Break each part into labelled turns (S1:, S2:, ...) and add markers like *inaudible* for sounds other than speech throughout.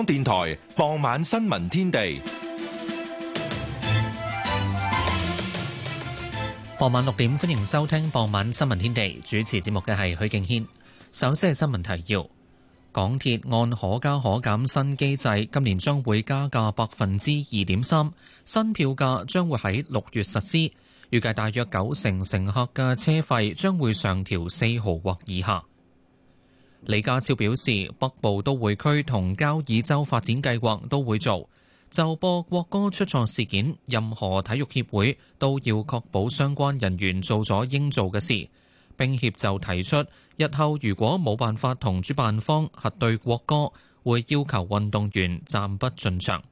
S1: 港電台傍晚新聞天地，
S2: 傍晚六點，歡迎收聽傍晚新聞天地。主持節目嘅係許敬軒。首先係新聞提要：港鐵按可加可減新機制，今年將會加價百分之二點三，新票價將會喺六月實施，預計大約九成乘客嘅車費將會上調四毫或以下。李家超表示，北部都會區同交椅洲發展計劃都會做。就播國歌出錯事件，任何體育協會都要確保相關人員做咗應做嘅事。並協就提出，日後如果冇辦法同主辦方核對國歌，會要求運動員暫不進場。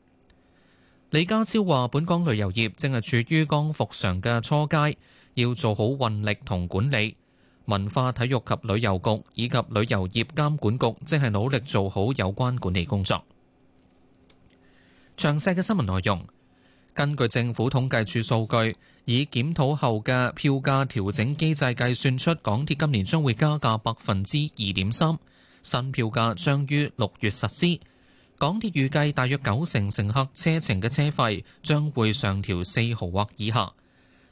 S2: 李家超話本港旅遊業正係處於光復常嘅初階，要做好運力同管理。文化、體育及旅遊局以及旅遊業監管局即係努力做好有關管理工作。詳細嘅新聞內容，根據政府統計處數據，以檢討後嘅票價調整機制計算出，港鐵今年將會加價百分之二點三，新票價將於六月實施。港鐵預計大約九成乘客車程嘅車費將會上調四毫或以下。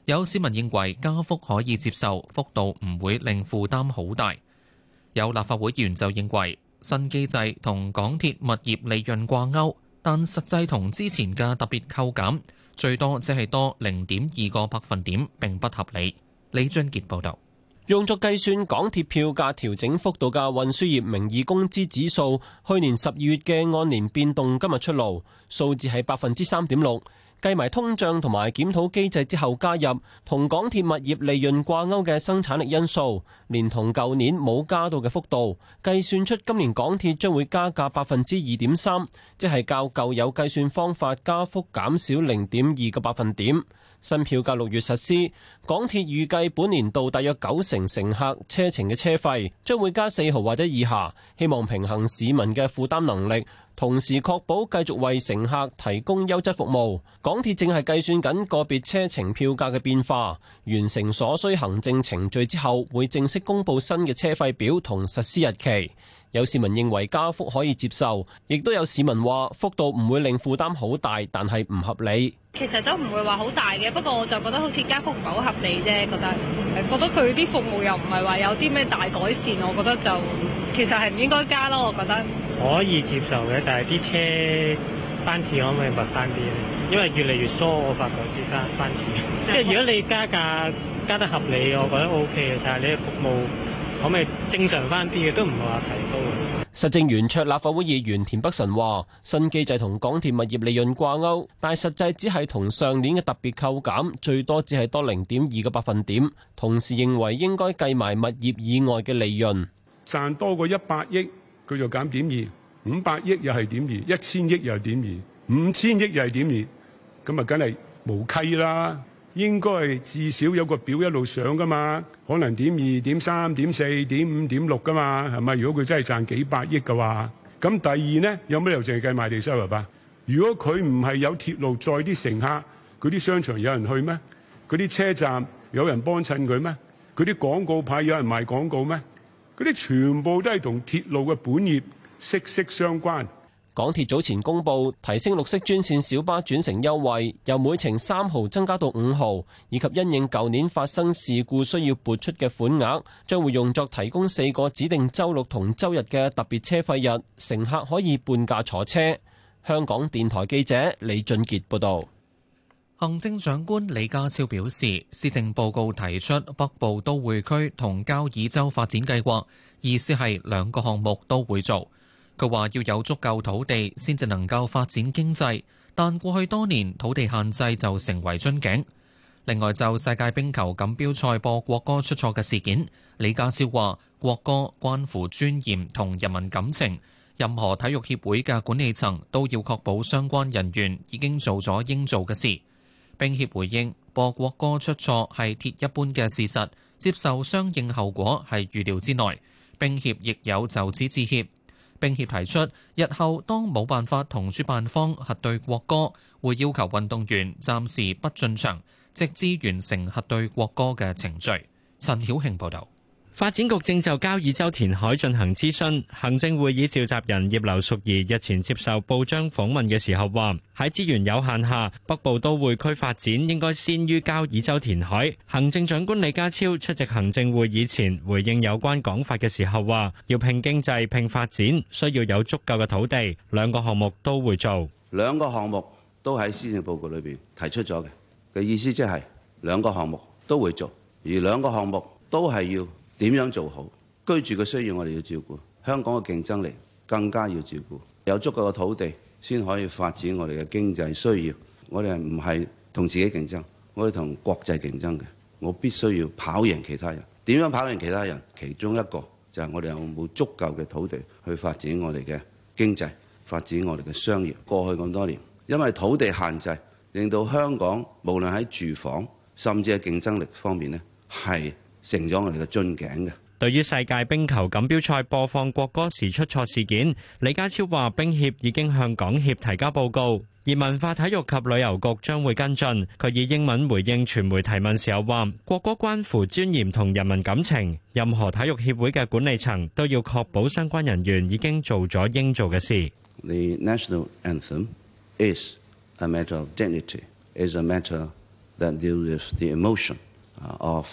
S2: 有市民認為加幅可以接受，幅度唔會令負擔好大。有立法會議員就認為新機制同港鐵物業利潤掛鈎，但實際同之前嘅特別扣減最多只係多零點二個百分點，並不合
S3: 理。李俊傑報導。用作計算港鐵票價調整幅度嘅運輸業名義工資指數，去年十二月嘅按年變動今日出爐，數字係百分之三點六。計埋通脹同埋檢討機制之後，加入同港鐵物業利潤掛鉤嘅生產力因素，連同舊年冇加到嘅幅度，計算出今年港鐵將會加價百分之二點三，即係較舊有計算方法加幅減少零點二個百分點。新票價六月實施，港鐵預計本年度大約九成乘客車程嘅車費將會加四毫或者以下，希望平衡市民嘅負擔能力，同時確保繼續為乘客提供優質服務，港鐵正係計算緊個別車程票價嘅變化，完成所需行政程序之後，會正式公布新嘅車費表同實施日期。有市民認為加幅可以接受，亦都有市民話幅度唔會令負擔好大，但係唔合理。
S4: 其實都唔會話好大嘅，不過我就覺得好似加幅唔係好合理啫，覺得覺得佢啲服務又唔係話有啲咩大改善，我覺得就其實係唔應該加咯，我覺得。
S5: 可以接受嘅，但係啲車班次可唔可以密翻啲咧？因為越嚟越疏，我發覺依家班次。即係如果你加價加得合理，我覺得 O K 嘅。但係你嘅服務可唔可以正常翻啲嘅？都唔會話提
S3: 高。實政圓桌立法會議員田北辰話，新機制同港鐵物業利潤掛鈎，但係實際只係同上年嘅特別扣減，最多只係多零點二個百分點，同時認為應該計埋物業以外嘅利潤，賺多過一百億。佢就減點二五百億又係點二一千億又係點二五千億又係點二咁啊，梗係無稽啦！應該係至少有個表一路上噶嘛，可能點二點三點四點五點六噶嘛，係咪？如果佢真係賺幾百億嘅話，咁第二咧，有咩理由淨係計賣地收入呀？如果佢唔係有鐵路載啲乘客，佢啲商場有人去咩？佢啲車站有人幫襯佢咩？佢啲廣告牌有人賣廣告咩？嗰啲全部都係同鐵路嘅本業息息相關。港鐵早前公布提升綠色專線小巴轉乘優惠，由每程三毫增加到五毫，以及因應舊年發生事故需要撥出嘅款額，將會用作提供四個指定週六同週日嘅特別車費日，乘客可以半價坐車。香港電台記者李俊傑報道。行政長官李家超表示，施政報告
S2: 提出北部都會區同交椅洲發展計劃，意思係兩個項目都會做。佢話要有足夠土地先至能夠發展經濟，但過去多年土地限制就成為樽頸。另外就世界冰球錦標賽播國歌出錯嘅事件，李家超話國歌關乎尊嚴同人民感情，任何體育協會嘅管理層都要確保相關人員已經做咗應做嘅事。冰協回應播國歌出錯係鐵一般嘅事實，接受相應後果係預料之內。冰協亦有就此致歉。冰協提出，日後當冇辦法同主辦方核對國歌，會要求運動員暫時不進場，直至完成核對國歌嘅程序。陳曉慶報道。發展局正就交椅洲填海進行諮詢。
S5: 行政會議召集人葉劉淑儀日前接受報章訪問嘅時候話：喺資源有限下，北部都會區發展應該先於交椅洲填海。行政長官李家超出席行政會議前回應有關講法嘅時候話：要拼經濟、拼發展，需要有足夠嘅土地。兩個項目都會做，
S6: 兩個項目都喺施政報告裏邊提出咗嘅嘅意思，即係兩個項目都會做，而兩個項目都係要。點樣做好居住嘅需要，我哋要照顧香港嘅競爭力，更加要照顧有足夠嘅土地，先可以發展我哋嘅經濟需要。我哋唔係同自己競爭，我哋同國際競爭嘅。我必須要跑贏其他人。點樣跑贏其他人？其中一個就係我哋有冇足夠嘅土地去發展我哋嘅經濟，發展我哋嘅商業。過去咁多年，因為土地限制，令到香港無論喺住房，甚至係競爭力方面呢係，是成咗我哋嘅樽頸嘅。
S5: 對於世界冰球錦標賽播放國歌時出錯事件，李家超話：冰協已經向港協提交報告，而文化體育及旅遊局將會跟進。佢以英文回應傳媒提問時候話：國歌關乎尊嚴同人民感情，任何體育協會嘅管理層都要確保相關人員已經做咗應做嘅事。
S6: The national anthem is a matter of dignity, is a matter that deals with the emotion of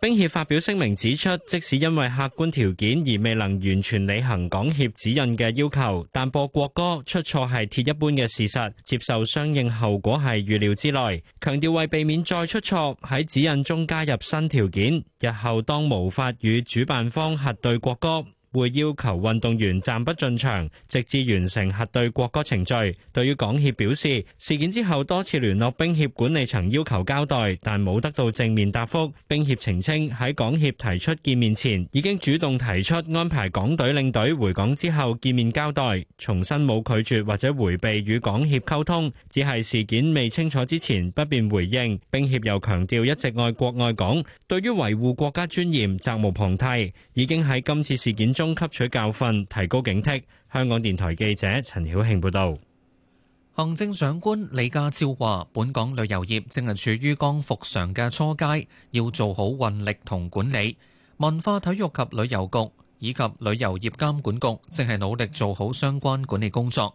S5: 冰協發表聲明指出，即使因為客觀條件而未能完全履行港協指引嘅要求，但播國歌出錯係鐵一般嘅事實，接受相應後果係預料之內。強調為避免再出錯，喺指引中加入新條件，日後當無法與主辦方核對國歌，會要求運動員暫不進場，直至完成核對國歌程序。對於港協表示，事件之後多次聯絡冰協管理層要求交代，但冇得到正面答覆。冰協澄清喺港協提出見面前，已經主動提出安排港隊領隊回港之後見面交代，重申冇拒絕或者回避與港協溝通，只係事件未清楚之前不便回應。冰協又強調一直愛國愛港，對於維護國家尊嚴責無旁貸，已經喺今次事件。中吸取教訓，提高警惕。香港電台記者陳曉慶報
S2: 道。行政長官李家超話：本港旅遊業正係處於剛復常嘅初階，要做好運力同管理。文化體育及旅遊局以及旅遊業監管局正係努力做好相關管理工作。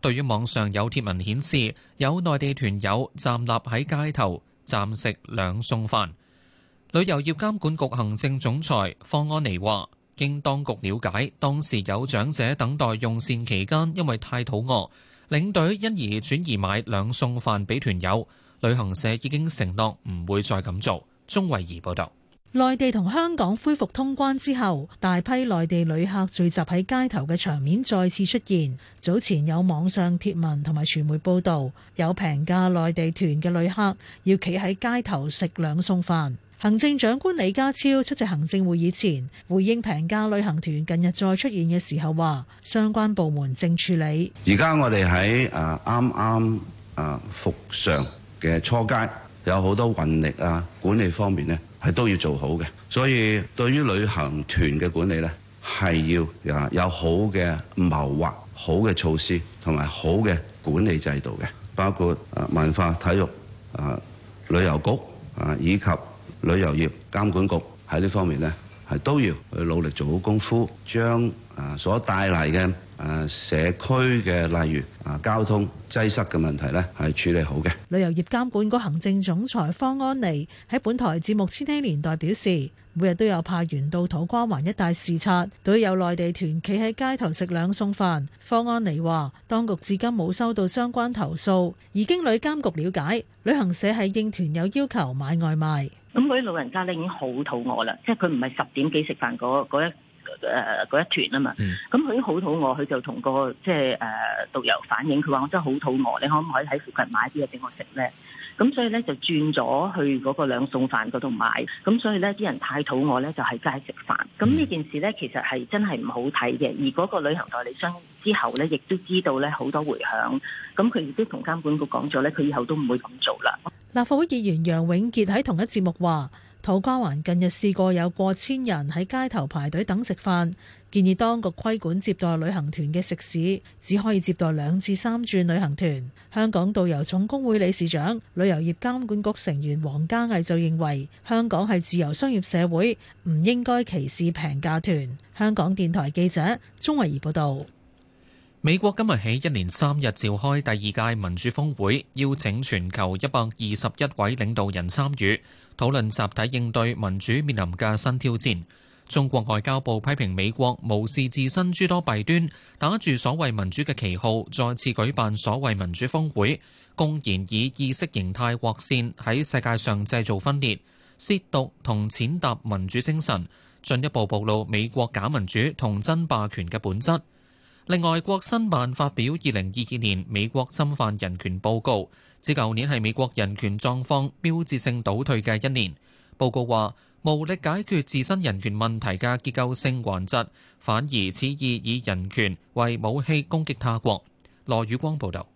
S2: 對於網上有貼文顯示有內地團友站立喺街頭暫食兩餸飯，旅遊業監管局行政總裁方安妮話。經當局了解，當時有長者等待用膳期間，因為太肚餓，領隊因而轉而買兩餸飯俾團友。旅行社已經承諾唔會再咁做。鍾慧儀報道：
S4: 內地同香港恢復通關之後，大批內地旅客聚集喺街頭嘅場面再次出現。早前有網上貼文同埋傳媒報道，有平價內地團嘅旅客要企喺街頭食兩餸飯。行政長官李家超出席行政會議前，回應平價旅行團近日再出現嘅時候，話相關部門正處理。
S6: 而家我哋喺啊啱啱啊復常嘅初階，有好多運力啊管理方面呢係都要做好嘅，所以對於旅行團嘅管理呢，係要啊有好嘅謀劃、好嘅措施同埋好嘅管理制度嘅，包括啊文化體育啊旅遊局啊以及。旅遊業監管局喺呢方面咧，係都要去努力做好功夫，將啊所帶嚟嘅啊社區嘅例如啊交通擠塞嘅問題咧，係處理好嘅。
S4: 旅遊業監管局行政總裁方安妮喺本台節目《千禧年代》表示，每日都有派員到土瓜灣一帶視察，都有內地團企喺街頭食兩餸飯。方安妮話，當局至今冇收到相關投訴，而經旅監局瞭解，旅行社係應團友要求買外賣。咁嗰啲老人家咧已經好肚餓啦，即係佢唔係十點幾食飯嗰嗰一誒嗰一,一團啊嘛。咁佢已經好肚餓，佢就同個即係誒導遊反映，佢話我真係好肚餓，你可唔可以喺附近買啲嘢俾我食咧？咁所以咧就轉咗去嗰個兩餸飯嗰度買。咁所以咧啲人太肚餓咧就喺街食飯。咁呢件事咧其實係真係唔好睇嘅。而嗰個旅行代理商之後咧亦都知道咧好多迴響。咁佢亦都同監管局講咗咧，佢以後都唔會咁做啦。立法會議員楊永傑喺同一節目話：土瓜灣近日試過有過千人喺街頭排隊等食飯，建議當局規管接待旅行團嘅食肆，只可以接待兩至三轉旅行團。香港導遊總工會理事長、旅遊業監管局成員黃嘉毅就認為，香港係自由商業社會，唔應該歧視平價團。香港電台記者鍾慧儀報道。
S2: 美國今日起一連三日召開第二屆民主峰會，邀請全球一百二十一位領導人參與討論集體應對民主面臨嘅新挑戰。中國外交部批評美國無視自身諸多弊端，打住所謂民主嘅旗號，再次舉辦所謂民主峰會，公然以意識形態劃線喺世界上製造分裂、褻瀆同踐踏民主精神，進一步暴露美國假民主同真霸權嘅本質。另外，國新辦發表2022年美國侵犯人權報告，指舊年係美國人權狀況標誌性倒退嘅一年。報告話，無力解決自身人權問題嘅結構性頑疾，反而肆意以人權為武器攻擊他國。羅
S7: 宇光報導。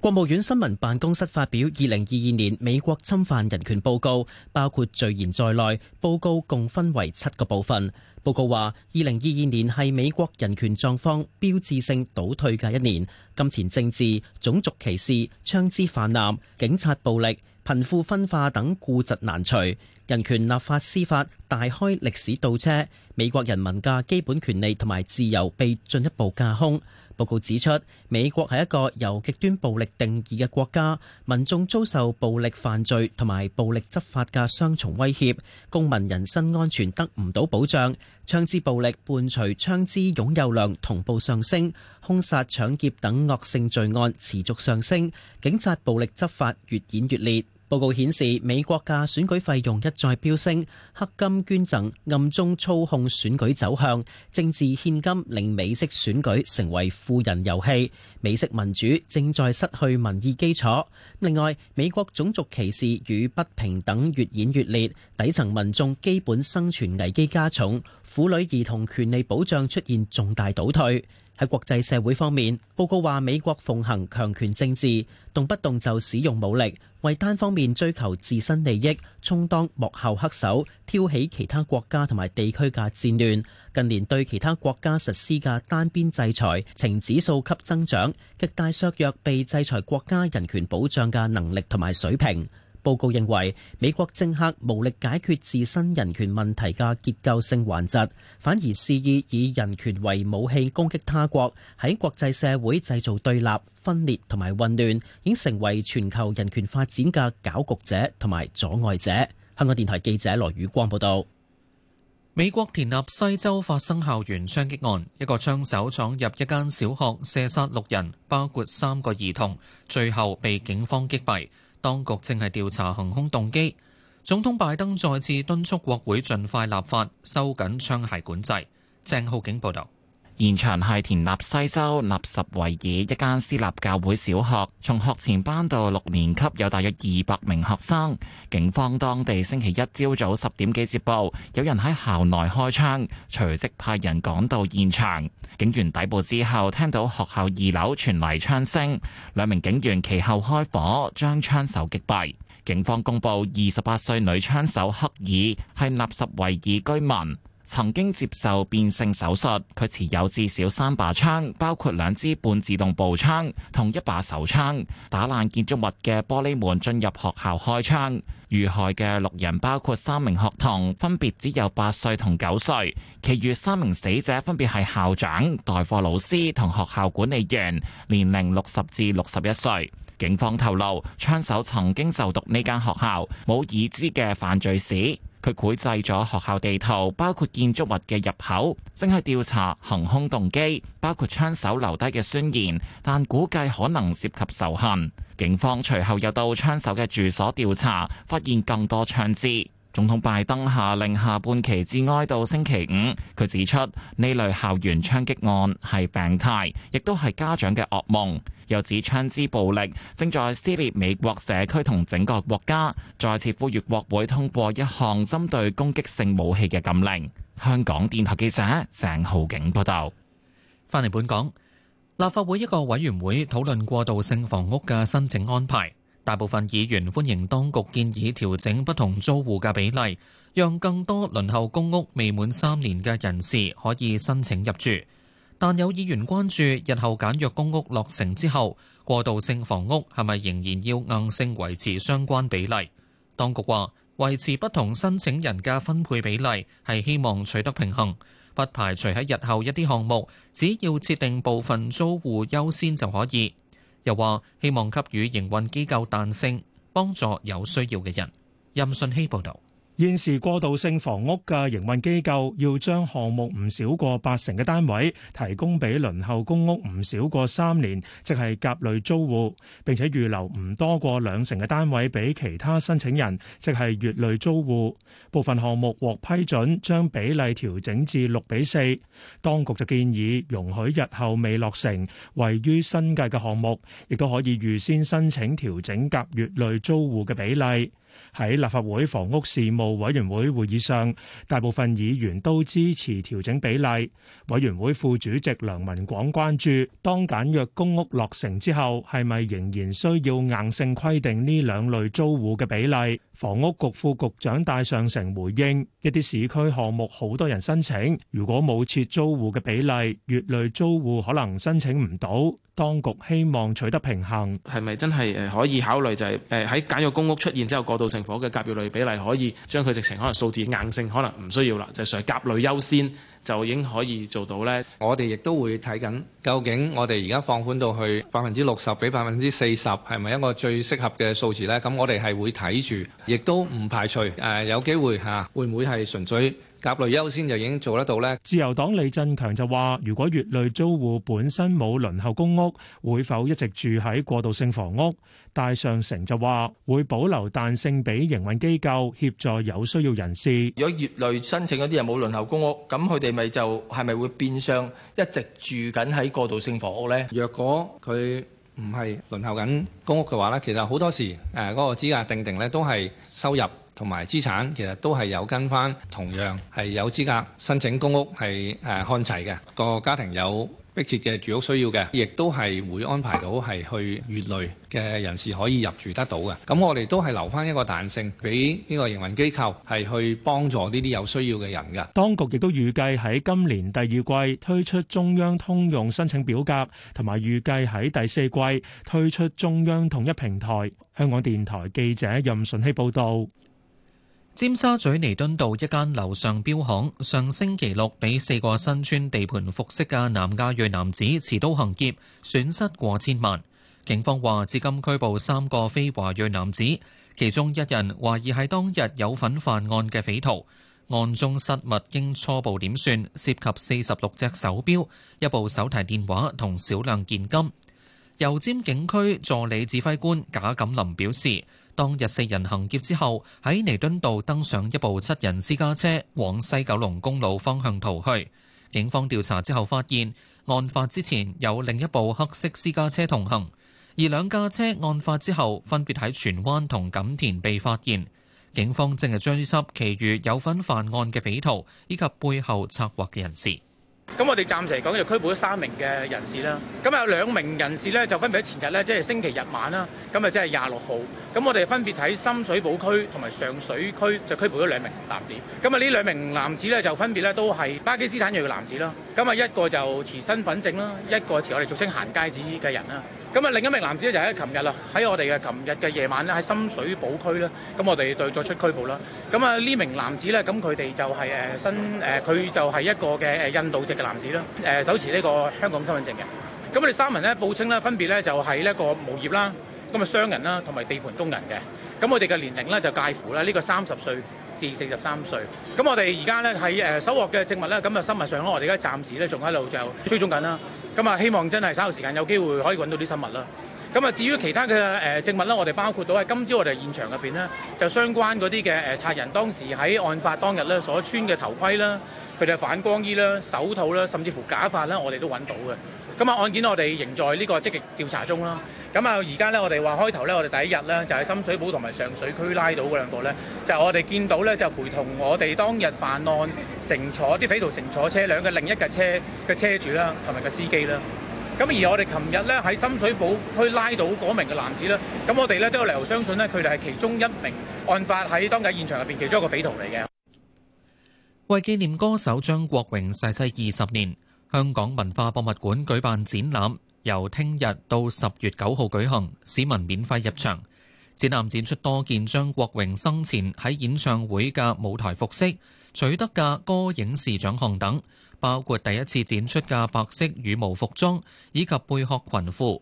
S7: 國務院新聞辦公室發表《二零二二年美國侵犯人權報告》，包括序言在內，報告共分為七個部分。報告話，二零二二年係美國人權狀況標誌性倒退嘅一年，金錢政治、種族歧視、槍支泛濫、警察暴力、貧富分化等痼疾難除，人權立法司法大開歷史倒車，美國人民嘅基本權利同埋自由被進一步架空。報告指出，美國係一個由極端暴力定義嘅國家，民眾遭受暴力犯罪同埋暴力執法嘅雙重威脅，公民人身安全得唔到保障，槍支暴力伴隨槍支擁有量同步上升，兇殺、搶劫等惡性罪案持續上升，警察暴力執法越演越烈。報告顯示，美國嘅選舉費用一再飆升，黑金捐贈暗中操控選舉走向，政治獻金令美式選舉成為富人遊戲，美式民主正在失去民意基礎。另外，美國種族歧視與不平等越演越烈，底層民眾基本生存危機加重，婦女兒童權利保障出現重大倒退。喺國際社會方面，報告話美國奉行強權政治，動不動就使用武力，為單方面追求自身利益，充當幕後黑手，挑起其他國家同埋地區嘅戰亂。近年對其他國家實施嘅單邊制裁，呈指數級增長，極大削弱被制裁國家人權保障嘅能力同埋水平。報告認為，美國政客無力解決自身人權問題嘅結構性頑疾，反而肆意以人權為武器攻擊他國，喺國際社會製造對立、分裂同埋混亂，已成為全球人權發展嘅攪局者同埋阻礙者。香港電台記者羅宇光報道：美國田納西州發
S2: 生校園槍擊案，一個槍手闖入一間小學，射殺六人，包括三個兒童，最後被警方擊斃。當局正係調查行兇動機，總統拜登再次敦促國會盡快立法，收緊槍械管制。鄭浩景報道。現場係田納西州納什維爾一間私立
S8: 教會小學，從學前班到六年級有大約二百名學生。警方當地星期一朝早十點幾接報，有人喺校內開槍，隨即派人趕到現場。警員抵步之後，聽到學校二樓傳嚟槍聲，兩名警員其後開火，將槍手擊斃。警方公佈，二十八歲女槍手克爾係納什維爾居民。曾經接受變性手術，佢持有至少三把槍，包括兩支半自動步槍同一把手槍，打爛建築物嘅玻璃門進入學校開槍。遇害嘅六人包括三名學童，分別只有八歲同九歲，其餘三名死者分別係校長、代課老師同學校管理員，年齡六十至六十一歲。警方透露，槍手曾經就讀呢間學校，冇已知嘅犯罪史。佢繪製咗學校地圖，包括建築物嘅入口，正係調查行凶動機，包括槍手留低嘅宣言，但估計可能涉及仇恨。警方隨後又到槍手嘅住所調查，發現更多槍支。總統拜登下令下半期致哀到星期五。佢指出呢類校園槍擊案係病態，亦都係家長嘅噩夢。又指槍支暴力正在撕裂美國社區同整個國家。再次呼籲國會通過一項針對攻擊性武器嘅禁令。香港電台記者
S2: 鄭浩景報道。翻嚟本港，立法會一個委員會討論過渡性房屋嘅申請安排。大部分議員歡迎當局建議調整不同租戶嘅比例，讓更多輪候公屋未滿三年嘅人士可以申請入住。但有議員關注，日後簡約公屋落成之後，過渡性房屋係咪仍然要硬性維持相關比例？當局話維持不同申請人嘅分配比例係希望取得平衡，不排除喺日後一啲項目只要設定部分租戶優先就可以。又話希望給予營運機構彈性，幫助有需要嘅人。任
S1: 信希報導。現時過渡性房屋嘅營運機構要將項目唔少過八成嘅單位提供俾輪候公屋唔少過三年，即係甲類租戶，並且預留唔多過兩成嘅單位俾其他申請人，即係乙類租戶。部分項目獲批准將比例調整至六比四。當局就建議容許日後未落成、位於新界嘅項目，亦都可以預先申請調整甲乙類租戶嘅比例。喺立法會房屋事務委員會會議上，大部分議員都支持調整比例。委員會副主席梁文廣關注，當簡約公屋落成之後，係咪仍然需要硬性規定呢兩類租戶嘅比例？房屋局副局長戴尚誠回應：一啲市區項目好多人申請，如果冇設租戶嘅比例，月類租戶可能申請唔到。當局希望取得平衡，
S8: 係咪真係可以考慮就係誒喺簡約公屋出現之後過渡成火嘅甲乙類
S1: 比例，可以將佢直情可能數字硬性可能唔需要啦，就係甲類優先就已經可以做到呢。 *noise* 我哋亦都會睇緊，究竟我哋而家放寬到去百分之六
S2: 十比百分之四十係咪一個最適合嘅數字呢？咁我哋係會睇住，亦都唔
S1: 排除、呃、有機會嚇、啊、會唔會係純粹。甲類優先就已經做得到呢。自由黨李振強就話：如果乙類租戶本身冇輪候公屋，會否一直住喺過渡性房屋？大上城就話：會保留彈性俾營運機構協助有需要人士。如果乙類申請嗰啲人冇輪候公屋，咁佢哋咪就係咪會變相一直住緊喺過渡性房屋呢？若果佢唔
S2: 係輪候緊公屋嘅話呢，其實好多時誒嗰個資格定定咧都係收入，同埋資產，其實都係有跟翻，同樣係有資格申請公屋，係誒看齊嘅，個家庭有迫切嘅住屋需要嘅，亦都係會安排到係去月累嘅人士可以入住得到嘅。咁我哋都係留翻一個彈性俾
S1: 呢個營運機構係去幫助呢啲有需要嘅人嘅。當局亦都預計喺今年第二季推出中央通用申請表格，同埋預計喺第四季推出中央統一平台。香港電台記者任順希報導。
S2: 尖沙咀彌敦道一間樓上表行，上星期六被四個身穿地盤服飾嘅南亞裔男子持刀行劫，損失過千萬。警方話至今拘捕三個非華裔男子，其中一人懷疑係當日有份犯案嘅匪徒。案中失物經初步點算，涉及四十六隻手錶、一部手提電話同少量現金。油尖警區助理指揮官賈錦林表示。當日四人行劫之後，喺彌敦道登上一部七人私家車，往西九龍公路方向逃去。警方調查之後發現，案發之前有另一部黑色私家車同行，而兩架車案發之後分別喺荃灣同錦田被發現。警方正係追緝其餘有份犯案嘅匪徒以及背後策劃嘅人士。
S9: 咁我哋暫時嚟講就拘捕咗三名嘅人士啦。咁啊，有兩名人士咧就分別喺前日咧，即係星期日晚啦。咁啊，即係廿六號。咁我哋分別喺深水埗區同埋上水區就拘捕咗兩名男子。咁啊，呢兩名男子咧就分別咧都係巴基斯坦裔嘅男子啦。咁啊，一個就持身份證啦，一個持我哋俗稱行街紙嘅人啦。咁啊，另一名男子咧就喺琴日啦，喺我哋嘅琴日嘅夜晚咧喺深水埗區啦。咁我哋對作出拘捕啦。咁啊，呢名男子咧，咁佢哋就係誒新誒，佢就係一個嘅誒印度籍。嘅男子啦，誒手持呢個香港身份證嘅，咁我哋三人咧報稱咧分別咧就係呢個無業啦，咁啊商人啦，同埋地盤工人嘅，咁我哋嘅年齡咧就介乎咧呢個三十歲至四十三歲，咁我哋而家咧喺誒收獲嘅證物咧，咁啊生物上咧，我哋而家暫時咧仲喺度就追蹤緊啦，咁啊希望真係稍後時間有機會可以揾到啲生物啦。咁啊，至於其他嘅誒證物咧，我哋包括到喺今朝我哋現場入邊咧，就相關嗰啲嘅誒賊人當時喺案發當日咧所穿嘅頭盔啦，佢哋反光衣啦、手套啦，甚至乎假髮咧，我哋都揾到嘅。咁啊，案件我哋仍在呢個積極調查中啦。咁啊，而家咧我哋話開頭咧，我哋第一日咧就喺深水埗同埋上水區拉到嗰兩個咧，就係，我哋見到咧就陪同我哋當日犯案乘坐啲匪徒乘坐車輛嘅另一架車嘅車主啦，同埋個司機啦。咁而我哋琴日咧喺深水埗區拉到嗰名嘅男子咧，咁我哋咧都有理由相信咧，佢哋係其中一名案發喺當日現場入邊其中一個匪徒嚟嘅。
S2: 為紀念歌手張國榮逝世二十年，香港文化博物館舉辦展覽，由聽日到十月九號舉行，市民免費入場。展覽展出多件張國榮生前喺演唱會嘅舞台服飾、取得嘅歌影視獎項等。包括第一次展出嘅白色羽毛服裝以及貝殼裙褲，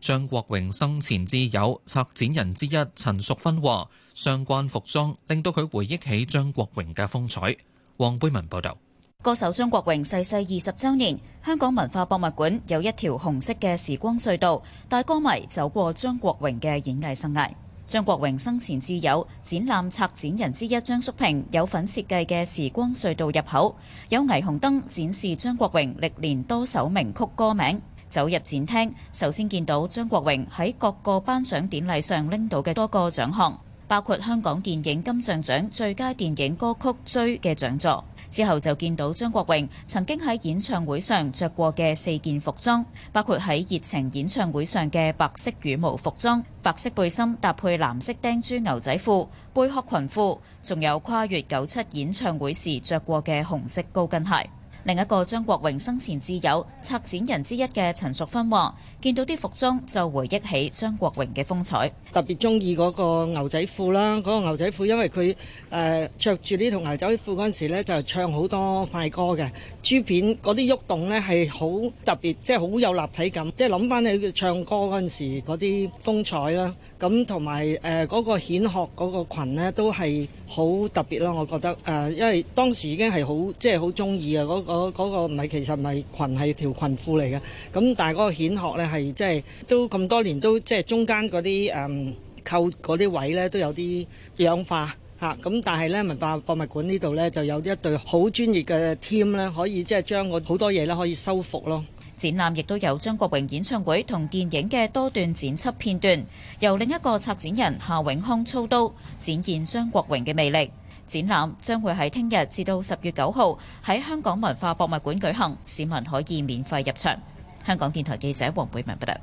S2: 張國榮生前摯友、策展人之一陳淑芬話相關服裝令到佢回憶起張國榮嘅風采。黃貝文報道，
S10: 歌手張國榮逝世二十周年，香港文化博物館有一條紅色嘅時光隧道，帶歌迷走過張國榮嘅演藝生涯。張國榮生前摯友、展覽策展人之一張叔平有份設計嘅時光隧道入口，有霓虹燈展示張國榮歷年多首名曲歌名。走入展廳，首先見到張國榮喺各個頒獎典禮上拎到嘅多個獎項，包括香港電影金像獎最佳電影歌曲追嘅獎座。之後就見到張國榮曾經喺演唱會上着過嘅四件服裝，包括喺熱情演唱會上嘅白色羽毛服裝、白色背心搭配藍色釘珠牛仔褲、貝殼裙褲，仲有跨越九七演唱會時着過嘅紅色高跟鞋。另一個張國榮生前摯友策展人之一嘅陳淑芬話，見到啲服裝就回憶起張國榮嘅風采，特別
S11: 中意嗰個牛仔褲啦，嗰、那個牛仔褲因為佢誒、呃、著住呢套牛仔褲嗰陣時咧，就是、唱好多快歌嘅，珠片嗰啲喐動咧係好特別，即係好有立體感，即係諗翻你唱歌嗰陣時嗰啲風采啦，咁同埋誒嗰個顯學嗰個裙咧都係好特別咯，我覺得誒、呃，因為當時已經係好即係好中意啊嗰嗰、嗰個唔係，其實唔係裙，係條裙褲嚟嘅。咁但係嗰個顯學咧，係即係都咁多年都即係中間嗰啲誒扣嗰啲位咧都有啲氧化嚇。
S10: 咁但係咧，文化博物館呢度咧就有一隊好專業嘅 team 咧，可以即係將嗰好多嘢咧可以修復咯。展覽亦都有張國榮演唱會同電影嘅多段剪輯片段，由另一個策展人夏永康操刀，展現張國榮嘅魅力。展覽將會喺聽日至到十月九號喺香港文化博物館舉行，市民可以免費入場。香港電台記者黃貝文報道。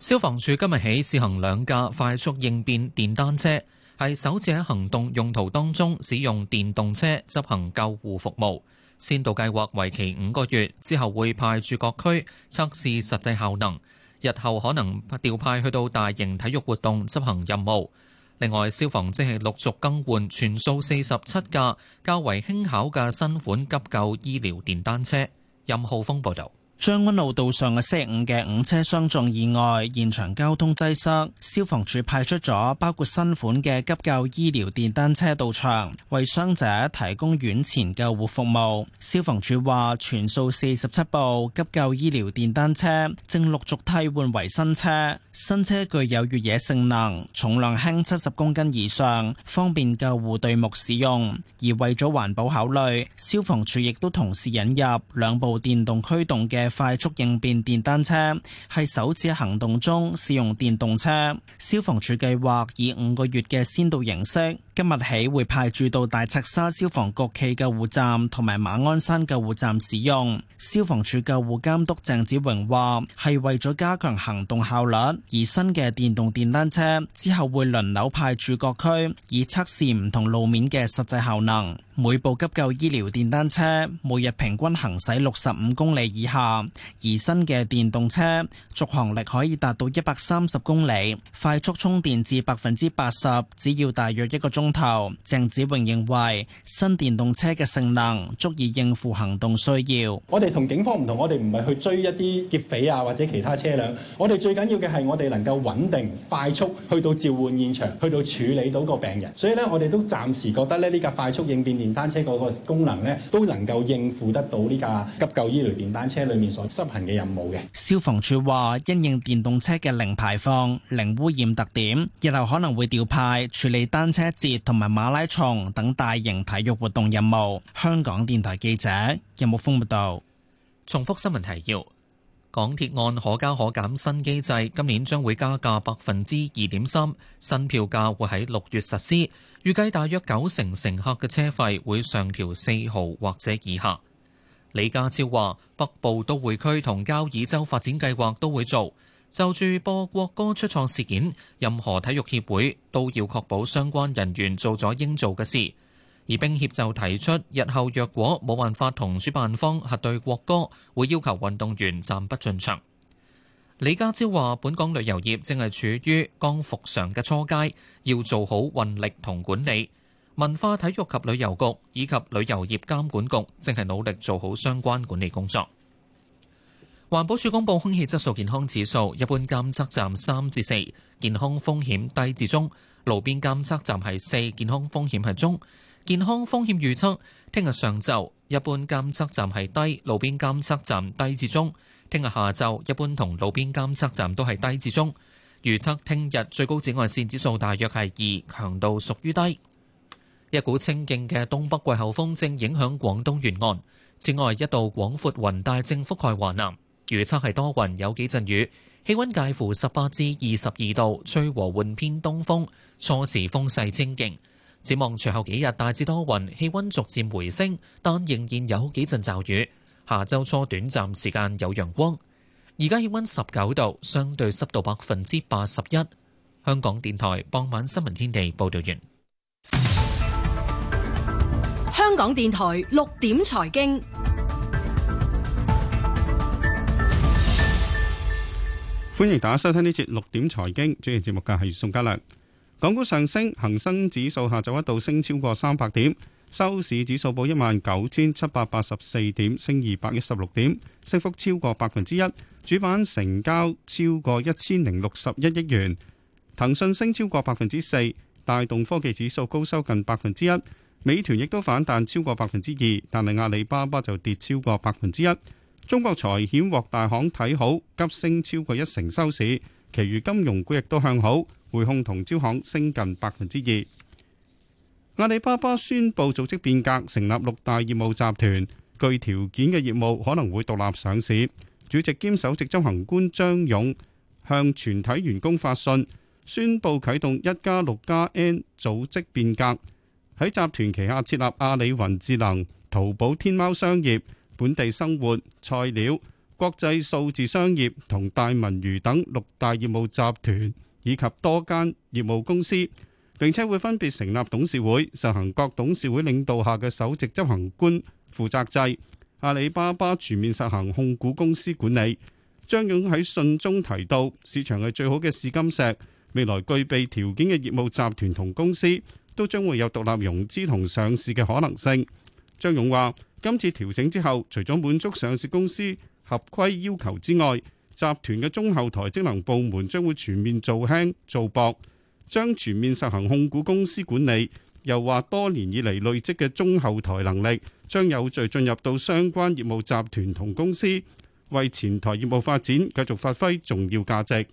S2: 消防處今日起試行兩架快速應變電單車，係首次喺行動用途當中使用電動車執行救護服務。先導計劃為期五個月，之後會派駐各區測試實際效能，日後可能調派去到大型體育活動執行任務。另外，消防正係陸續更換全數四十七架較為輕巧嘅新款急救醫療電單車。任浩峰報導。
S11: 將軍澳道上嘅星期五嘅五車相撞意外，現場交通擠塞，消防處派出咗包括新款嘅急救醫療電單車到場，為傷者提供院前救護服務。消防處話，全數四十七部急救醫療電單車正陸續替換為新車，新車具有越野性能，重量輕七十公斤以上，方便救護隊目使用。而為咗環保考慮，消防處亦都同時引入兩部電動驅動嘅。快速應變電單車係首次行動中試用電動車，消防處計劃以五個月嘅先導形式，今日起會派駐到大赤沙消防局暨嘅救護站同埋馬鞍山嘅救護站使用。消防處救護監督鄭子榮話，係為咗加強行動效率，而新嘅電動電單車之後會輪流派駐各區，以測試唔同路面嘅實際效能。每部急救醫療電單車每日平均行駛六十五公里以下，而新嘅電動車續航力可以達到一百三十公里，快速充電至百分之八十只要大約一個鐘頭。鄭子榮認為新電動車嘅性能足以應付行動需要。
S12: 我哋同警方唔同，我哋唔係去追一啲劫匪啊或者其他車輛，我哋最緊要嘅係我哋能夠穩定快速去到召喚現場，去到處理到個病人。所以咧，我哋都暫時覺得咧，呢架快速應變。電單車嗰個功能呢，都能夠應付得到呢架急救醫療電單車裏面所執行嘅任務
S11: 嘅。消防處話，因應電動車嘅零排放、零污染特點，日後可能會調派處理單車節同埋馬拉松等大型體育活動任務。香港電台記者任木峰報道。重複新聞提要。港鐵按可加可減新機制，今年
S2: 將會加價百分之二點三，新票價會喺六月實施，預計大約九成乘客嘅車費會上調四毫或者以下。李家超話：北部都會區同交椅洲發展計劃都會做。就住播國歌出錯事件，任何體育協會都要確保相關人員做咗應做嘅事。而冰協就提出，日後若果冇辦法同主辦方核對國歌，會要求運動員暫不進場。李家超話，本港旅遊業正係處於剛復常嘅初階，要做好運力同管理。文化體育及旅遊局以及旅遊業監管局正係努力做好相關管理工作。環保署公布空氣質素健康指數，一般監測站三至四，健康風險低至中；路邊監測站係四，健康風險係中。健康風險預測：聽日上晝，一般監測站係低，路邊監測站低至中。聽日下晝，一般同路邊監測站都係低至中。預測聽日最高紫外線指數大約係二，強度屬於低。一股清勁嘅東北季候風正影響廣東沿岸，此外一道廣闊雲帶正覆蓋華南，預測係多雲有幾陣雨，氣温介乎十八至二十二度，吹和緩偏東風，初時風勢清勁。展望隨後幾日大致多雲，氣温逐漸回升，但仍然有幾陣驟雨。下周初短暫時間有陽光。而家氣温十九度，相對濕度百分之八十一。香港電台傍晚新聞天地報道完。
S13: 香港電台六點財經，
S12: 歡迎大家收聽呢節六點財經。主持節目嘅係宋嘉亮。港股上升，恆生指數下晝一度升超過三百點，收市指數報一萬九千七百八十四點，升二百一十六點，升幅超過百分之一。主板成交超過一千零六十一億元。騰訊升超過百分之四，帶動科技指數高收近百分之一。美團亦都反彈超過百分之二，但係阿里巴巴就跌超過百分之一。中國財險獲大行睇好，急升超過一成收市。其餘金融股亦都向好。匯控同招行升近百分之二。阿里巴巴宣布組織變革，成立六大業務集團，具條件嘅業務可能會獨立上市。主席兼首席執行官張勇向全體員工發信，宣布啟動一加六加 N 組織變革，喺集團旗下設立阿里雲智能、淘寶天貓商業、本地生活、菜鳥、國際數字商業同大文娛等六大業務集團，以及多間業務公司，並且會分別成立董事會，實行各董事會領導下嘅首席執行官負責制。阿里巴巴全面實行控股公司管理。張勇喺信中提到，市場係最好嘅試金石，未來具備條件嘅業務集團同公司都將會有獨立融資同上市嘅可能性。張勇話，今次調整之後，除咗滿足上市公司合規要求之外，集團嘅中後台職能部門將會全面做輕做薄，將全面實行控股公司管理。又話多年以嚟累積嘅中後台能力，將有序進入到相關業務集團同公司，為前台業務發展繼續發揮重要價值。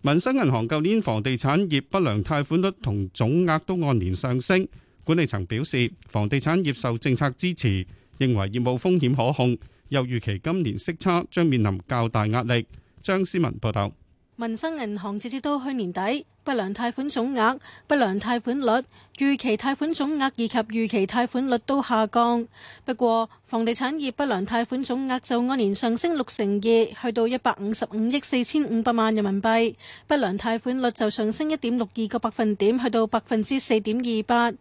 S12: 民生銀行舊年房地產業不良貸款率同總額都按年上升，管理層表示房地產業受政策支持，認為業務風險可控。又預期今年息差將面臨較大壓力。張思文報道，
S13: 民生銀行截至到去年底，不良貸款總額、不良貸款率、逾期貸款總額以及逾期貸款率都下降。不過，房地產業不良貸款總額就按年上升六成二，去到一百五十五億四千五百萬人民幣，不良貸款率就上升一點六二個百分點，去到百分之四點二八。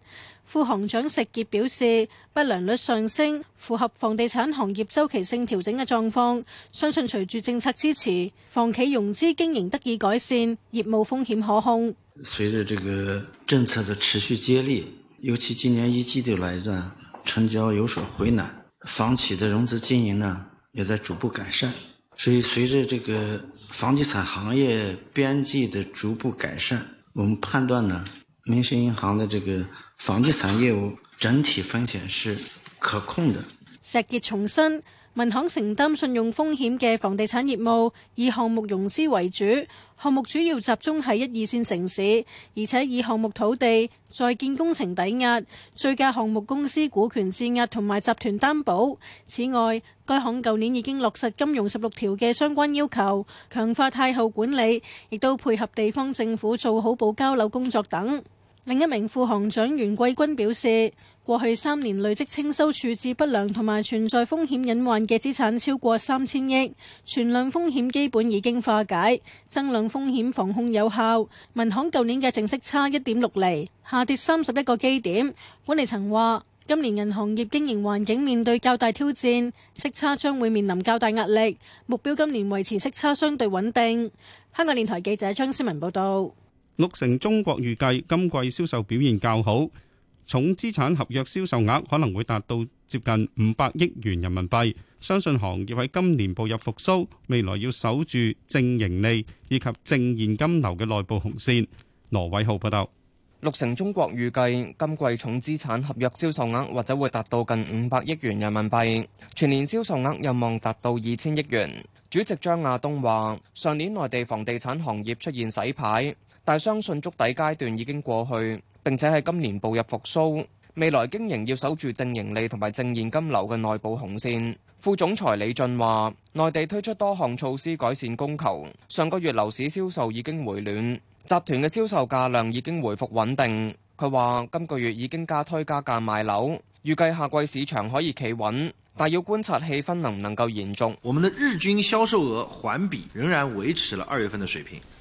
S13: 副行長石杰表示，不良率上升符合房地產行業周期性調整嘅狀況，相信隨住政策支持，房企融資經營得以改善，業務風險可控。
S11: 隨着這個政策的持續接力，尤其今年一季度來呢，成交有所回暖，房企的融資經營呢也在逐步改善。所以隨着這個房地產行業邊際的逐步改善，我們判斷呢。民生銀行嘅這個房地產業務整體風險是可控
S13: 的。石杰重申，民行承擔信用風險嘅房地產業務以項目融資為主，項目主要集中喺一二線城市，而且以項目土地、在建工程抵押、最佳項目公司股權質押同埋集團擔保。此外，該行舊年已經落實金融十六條嘅相關要求，強化貸後管理，亦都配合地方政府做好保交樓工作等。另一名副行長袁桂君表示，過去三年累積清收處置不良同埋存在風險隱患嘅資產超過三千億，存量風險基本已經化解，增量風險防控有效。民行舊年嘅淨息差一點六厘，下跌三十一個基點。管理層話，今年銀行業經營環境面對較大挑戰，息差將會面臨較大壓力，目標今年維持息差相對穩定。香港電台記者張思文報道。
S12: 六成中國預計今季銷售表現較好，重資產合約銷售額可能會達到接近五百億元人民幣。相信行業喺今年步入復蘇，未來要守住正盈利以及正現金流嘅內部紅線。羅偉浩報道。
S14: 六成中國預計今季重資產合約銷售額或者會達到近五百億元人民幣，全年銷售額有望達到二千億元。主席張亞東話：上年內地房地產行業出現洗牌。但相信築底階段已經過去，並且喺今年步入復甦，未來經營要守住正盈利同埋正現金流嘅內部紅線。副總裁李俊話，內地推出多項措施改善供求，上個月樓市銷售已經回暖，集團嘅銷售價量已經回復穩定。佢話，今個月已經加推加價賣樓，預計下季市場可以企穩，但要觀察氣氛能唔能夠延續，我們的日均銷售額環比仍然維持了二月份的水平。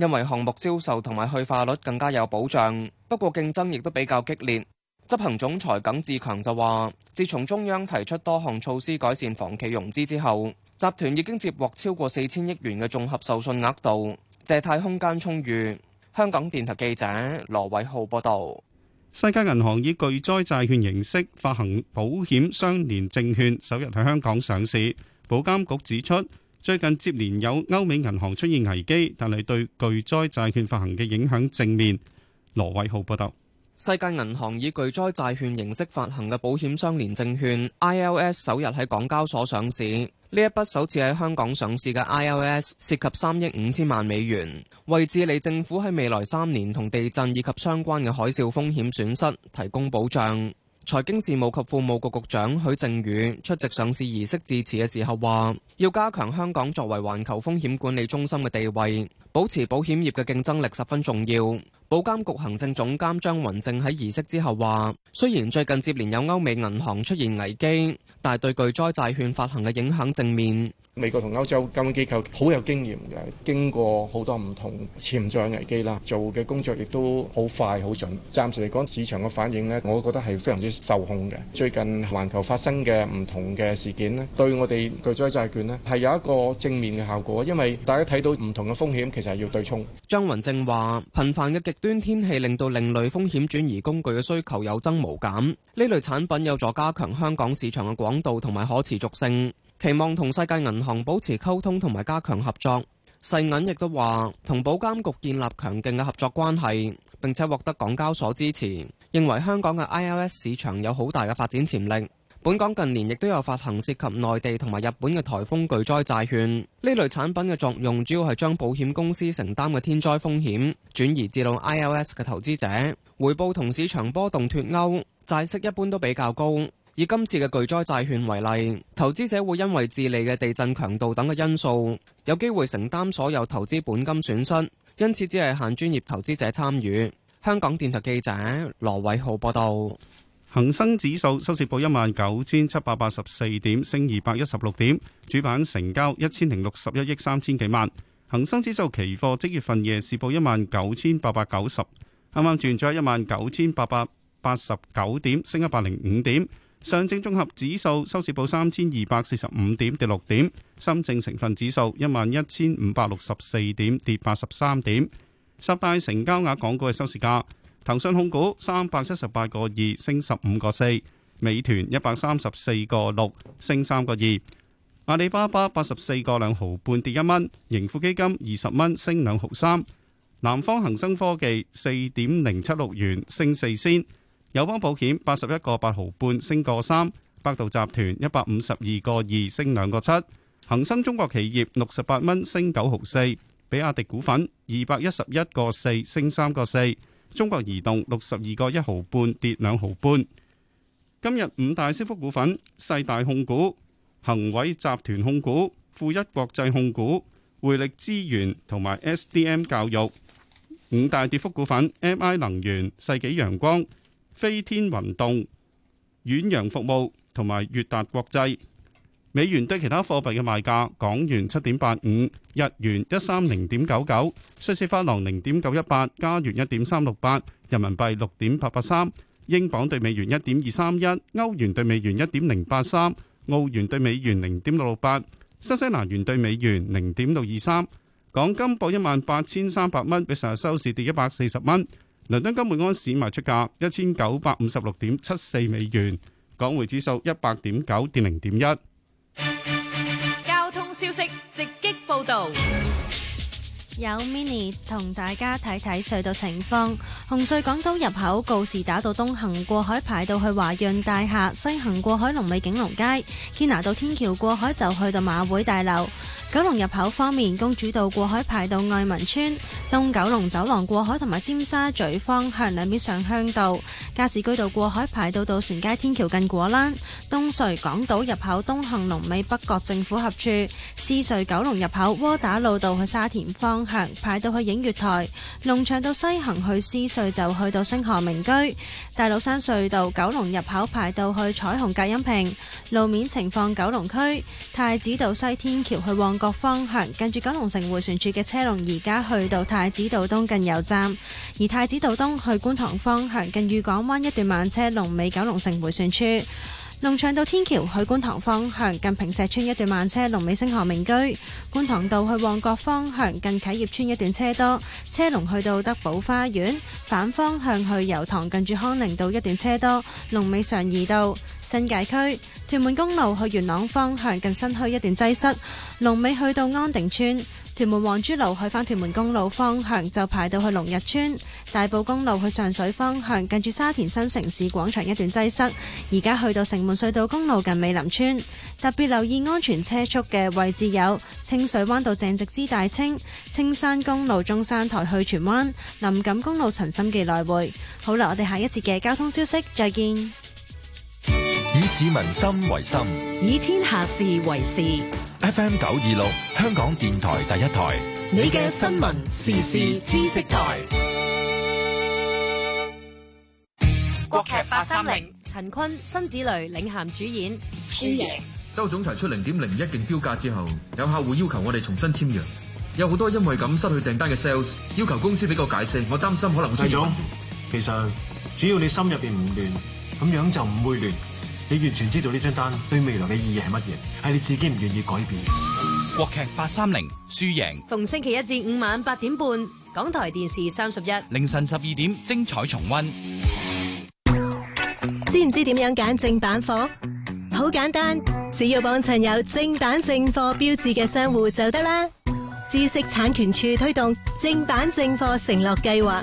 S14: 因為項目銷售同埋去化率更加有保障，不過競爭亦都比較激烈。執行總裁耿志強就話，自從中央提出多項措施改善房企融資之後，集團已經接獲超過四千億元嘅綜合授信額度，借貸空間充裕。香港電台記者羅偉浩報道。
S12: 世界銀行以巨災債券形式發行保險相連證券，首日喺香港上市。保監局指出，最近接連有歐美銀行出現危機，但係對巨災債券發行嘅影響正面。羅偉浩報道：
S14: 世界銀行以巨災債券形式發行嘅保險相連證券 I.L.S 首日喺港交所上市。呢一筆首次喺香港上市嘅 I.L.S 涉及三億五千萬美元，為智利政府喺未來三年同地震以及相關嘅海嘯風險損失提供保障。財經事務及庫務局局長許正宇出席上市儀式致辭嘅時候話，要加強香港作為環球風險管理中心嘅地位，保持保險業嘅競爭力十分重要。保監局行政總監張雲正喺儀式之後話，雖然最近接連有歐美銀行出現危機，但對巨災債券
S1: 發行嘅影響正面。美國同歐洲金融機構好有經驗嘅，經過好多唔同潛在危機啦，做嘅工作亦都好快好準。暫時嚟講，市場嘅反應呢，我覺得係非常之受控嘅。最近環球發生嘅唔同嘅事件呢，對我哋巨災債券呢，係有一個正面嘅效果，因為大家睇到唔同嘅風險，其實係要對沖。
S14: 張雲正話：頻繁嘅極端天氣令到另類風險轉移工具嘅需求有增無減，呢類產品有助加強香港市場嘅廣度同埋可持續性。期望同世界銀行保持溝通同埋加強合作。世銀亦都話同保監局建立強勁嘅合作關係，並且獲得港交所支持，認為香港嘅 ILS 市場有好大嘅發展潛力。本港近年亦都有發行涉及內地同埋日本嘅颱風巨災債券，呢類產品嘅作用主要係將保險公司承擔嘅天災風險轉移至到 ILS 嘅投資者，回報同市場波動脫鈎，債息一般都比較高。以今次嘅巨災債券為例，投資者會因為智利嘅地震強度等嘅因素，有機會承擔所有投資本金損
S12: 失，因此只係限專業投資者參與。香港電台記者羅偉浩報道。恒生指數收市報一萬九千七百八十四點，升二百一十六點，主板成交一千零六十一億三千幾萬。恒生指數期貨即月份夜市報一萬九千八百九十，啱啱轉咗一萬九千八百八十九點，升一百零五點。上證綜合指數收市報三千二百四十五點，跌六點。深證成分指數一萬一千五百六十四點，跌八十三點。十大成交額港股嘅收市價：騰訊控股三百七十八個二，升十五個四；美團一百三十四個六，升三個二；阿里巴巴八十四個兩毫半，跌一蚊；盈富基金二十蚊，升兩毫三；南方恒生科技四點零七六元，升四仙。友邦保險八十一個八毫半，升個三，百度集團一百五十二個二，升兩個七，恒生中國企業六十八蚊，升九毫四，比亞迪股份二百一十一個四，升三個四，中國移動六十二個一毫半，跌兩毫半。今日五大升幅股份：世大控股、恒偉集團控股、富一國際控股、匯力資源同埋 SDM 教育。五大跌幅股份：MI 能源、世紀陽光。飛天雲動、遠洋服務同埋越達國際。美元對其他貨幣嘅賣價：港元七點八五，日元一三零點九九，瑞士法郎零點九一八，加元一點三六八，人民幣六點八八三，英鎊對美元一點二三一，歐元對美元一點零八三，澳元對美元零點六六八，新西蘭元對美元零點六二三。港金報一萬八千三百蚊，比上日收市跌一百四十蚊。倫敦金每盎司賣出價一千九百五十六點七四美元，港匯指數一百點九跌零點一。
S13: 交通消息直擊報道，有
S15: mini 同大家睇睇隧道情況。紅隧港島入口告士打道東行過海，排到去華潤大廈；西行過海，龍尾景隆街。堅拿道天橋過海就去到馬會大樓。九龍入口方面，公主道過海排到愛民村；東九龍走廊過海同埋尖沙咀方向兩邊上鄉道；加士居道過海排到渡船街天橋近果欄；東隧港島入口東行龍尾北角政府合處；獅隧九龍入口窩打老道去沙田方向排到去映月台；龍翔道西行去獅隧就去到星河名居。大老山隧道九龍入口排到去彩虹隔音屏路面情況，九龍區太子道西天橋去旺角方向近住九龍城回旋處嘅車龍而家去到太子道東近油站，而太子道東去觀塘方向近譽港灣一段慢車龍尾九龍城回旋處。龍翔道天橋去觀塘方向，近坪石村一段慢車；龍尾星河名居，觀塘道去旺角方向，近啟業村一段車多，車龍去到德寶花園，反方向去油塘近住康寧道一段車多，龍尾上怡道新界區，屯門公路去元朗方向近新墟一段擠塞，龍尾去到安定村。屯門黃珠路去返屯門公路方向，就排到去龍日村，大埔公路去上水方向近住沙田新城市廣場一段擠塞，而家去到城門隧道公路近美林村。特別留意安全車速嘅位置有清水灣道正直支大清、青山公路中山台去荃灣、林錦公路陳心記來回。好啦，我哋下一節嘅交通消息再見。
S1: 以市民心為心，
S15: 以天下事為事。
S1: FM 九二六，香港電台第一台，
S15: 你嘅新聞
S2: 時事知識台。
S14: 國劇八三零，陳坤、辛芷蕾領銜主演。輸贏。
S2: 周總提出
S1: 零點零一競標價之後，有客戶要求我哋重新簽約，有好多因為咁失去訂單嘅 sales，要求公司俾個解釋。我擔心可能會。周總，其實只要你心入邊唔亂，咁樣就唔會亂。你完全知道呢張單對未來嘅意義係乜嘢？係你自己唔願意改變。國劇八三零輸贏，
S13: 逢星期一至五晚八點半，港台電視三十一，
S5: 凌晨十二點精彩重温。
S15: 知唔知點樣揀正版貨？好簡單，只要幫襯有正版正貨標誌嘅商戶就得啦。知識產權署推動正版正貨承諾計劃，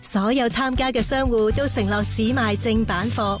S15: 所有參加嘅商戶都承諾只賣正版貨。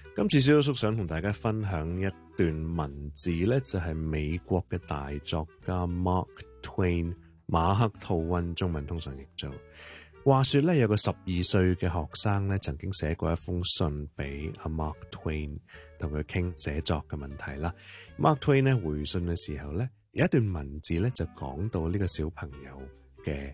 S12: 今次小叔想同大家分享一段文字呢就係、是、美國嘅大作家 Mark Twain 馬克吐溫，中文通常譯做。話說呢有個十二歲嘅學生呢曾經寫過一封信俾阿 Mark Twain，同佢傾寫作嘅問題啦。Mark Twain 呢回信嘅時候呢有一段文字呢就講到呢個小朋友嘅。